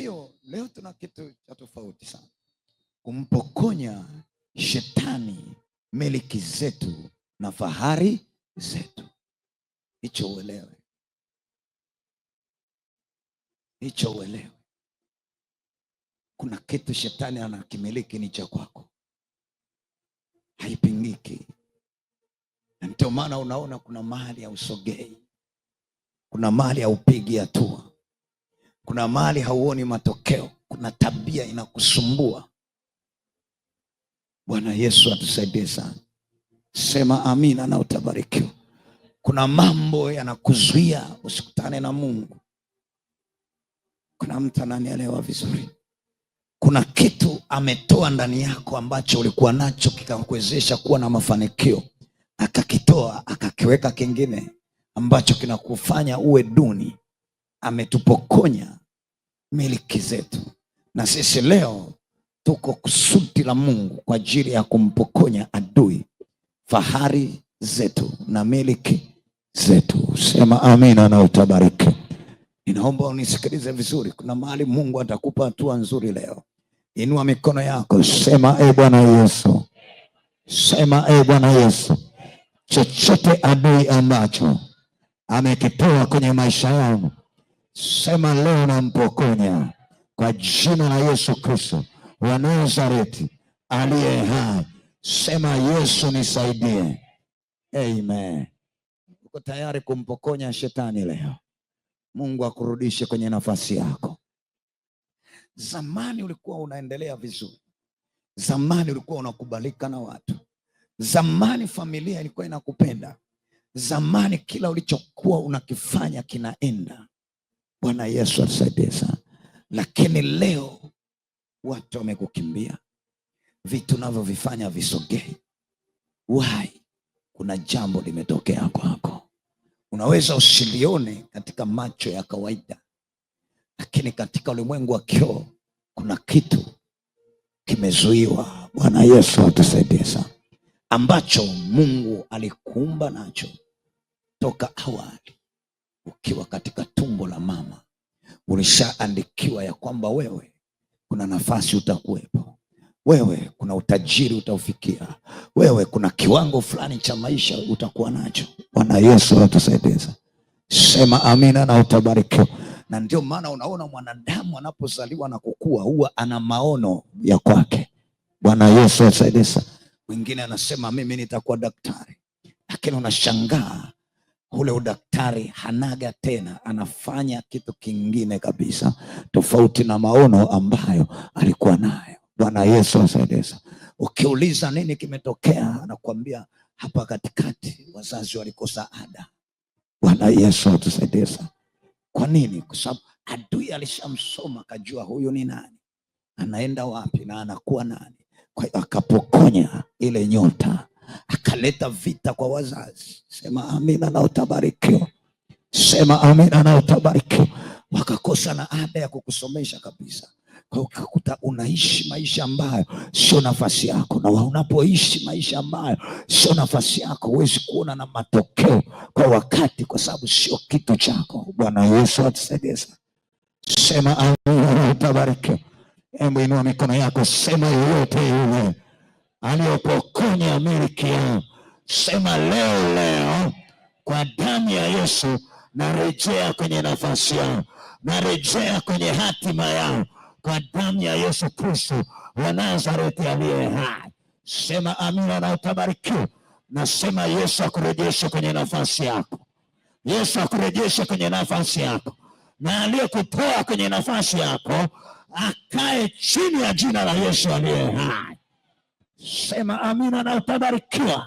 hiyo leo tuna kitu cha tofauti sana, kumpokonya shetani miliki zetu na fahari zetu. Hicho uelewe, hicho uelewe. Kuna kitu shetani anakimiliki, ni cha kwako, haipingiki. Na ndio maana unaona kuna mahali ya usogei, kuna mahali ya upigi hatua kuna mali hauoni matokeo, kuna tabia inakusumbua. Bwana Yesu atusaidie sana. Sema amina na utabarikiwa. Kuna mambo yanakuzuia usikutane na Mungu. Kuna mtu ananielewa vizuri? Kuna kitu ametoa ndani yako ambacho ulikuwa nacho kikakuwezesha kuwa na mafanikio, akakitoa akakiweka kingine ambacho kinakufanya uwe duni. Ametupokonya miliki zetu, na sisi leo tuko kusuti la Mungu kwa ajili ya kumpokonya adui fahari zetu na miliki zetu. Sema amina na utabariki. Ninaomba unisikilize vizuri, kuna mahali Mungu atakupa hatua nzuri leo. Inua mikono yako, sema e Bwana Yesu, sema e Bwana Yesu, chochote adui ambacho amekitoa kwenye maisha yangu Sema leo nampokonya kwa jina la Yesu Kristo wa Nazareti aliye hai. Sema Yesu nisaidie. Amen. Uko tayari kumpokonya shetani leo? Mungu akurudishe kwenye nafasi yako. Zamani ulikuwa unaendelea vizuri, zamani ulikuwa unakubalika na watu, zamani familia ilikuwa inakupenda, zamani kila ulichokuwa unakifanya kinaenda Bwana Yesu atusaidie sana. Lakini leo watu wamekukimbia, vitu navyovifanya visogei. Why? Kuna jambo limetokea kwako. Unaweza usilione katika macho ya kawaida, lakini katika ulimwengu wa kioo kuna kitu kimezuiwa. Bwana Yesu atusaidie sana, ambacho Mungu alikuumba nacho toka awali ukiwa katika tumbo la mama ulishaandikiwa ya kwamba wewe kuna nafasi utakuwepo, wewe kuna utajiri utaufikia, wewe kuna kiwango fulani cha maisha utakuwa nacho. Bwana Yesu anatusaidia, sema amina na utabarikiwa. Na ndio maana unaona mwanadamu anapozaliwa na kukua huwa ana maono ya kwake. Bwana Yesu atusaidie. Mwingine anasema mimi nitakuwa daktari, lakini unashangaa ule udaktari hanaga tena, anafanya kitu kingine kabisa tofauti na maono ambayo alikuwa nayo. Bwana Yesu asaidie. Ukiuliza nini kimetokea, anakuambia hapa katikati wazazi walikosa ada. Bwana Yesu atusaidie. Kwa nini? Kwa sababu adui alishamsoma akajua huyu ni nani, anaenda wapi na anakuwa nani. Kwa hiyo akapokonya ile nyota akaleta vita kwa wazazi. Sema amina na utabarikiwa. Sema amina na utabarikiwa. Wakakosa na ada ya kukusomesha kabisa, kwa ukakuta unaishi maisha ambayo sio nafasi yako, na unapoishi maisha ambayo sio nafasi yako huwezi kuona na matokeo kwa wakati, kwa sababu sio kitu chako. Bwana Yesu atusaidie sana. Sema amina na utabarikiwa. Hebu inua mikono yako, sema yoyote yule aliyopokonya miliki yao. Sema leo leo, kwa damu ya Yesu narejea kwenye nafasi yao, narejea kwenye hatima yao, kwa damu ya Yesu Kristo wa Nazareti aliye hai. Sema amina na utabarikiwa. Nasema Yesu akurejeshe kwenye nafasi yako, Yesu akurejeshe kwenye nafasi yako, na aliyekutoa kwenye nafasi yako akae chini ya jina la Yesu aliye hai. Sema amina na utabarikiwa.